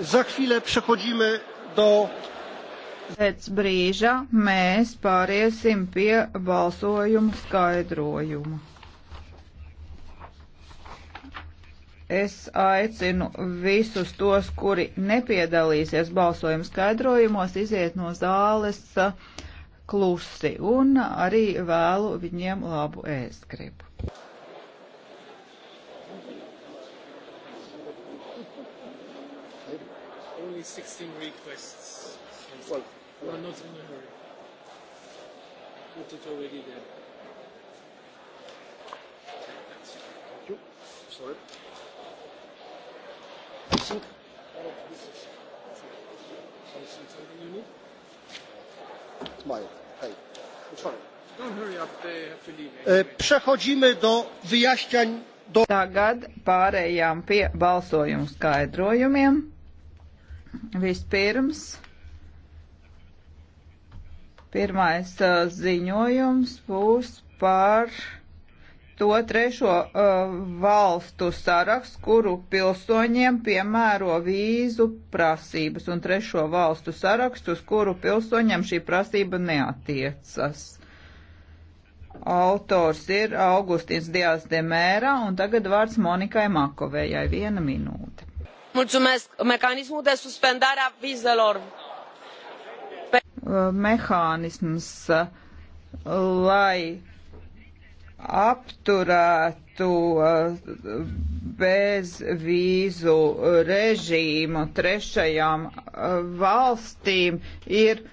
Za chwilę przechodzimy do. Pēc brīža mēs pāriesim pie balsojuma skaidrojuma. Es aicinu visus tos, kuri nepiedalīsies balsojuma skaidrojumos, iziet no zāles uh, klusi un arī vēlu viņiem labu ēst gribu. only 16 requests. Well, we are not in a hurry. Put it already there. Thank you. Sorry. I think all of this is something you need. Mine. Hey. Sorry. Don't hurry up. They have to leave. E, anyway. Przechodzimy do wyjaśniań. Do... Tagad pārējām pie balsojumu skaidrojumiem. Vispirms pirmais uh, ziņojums būs par to trešo uh, valstu sarakstu, kuru pilsoņiem piemēro vīzu prasības, un trešo valstu sarakstu, uz kuru pilsoņiem šī prasība neatiecas. Autors ir Augustins Dias de Mēra, un tagad vārds Monikai Makovējai. Viena minūte mecanismul de suspendare a vizelor uh, mehānisms, uh, lai apturētu uh, bezvīzu režīmu trešajām valstīm ir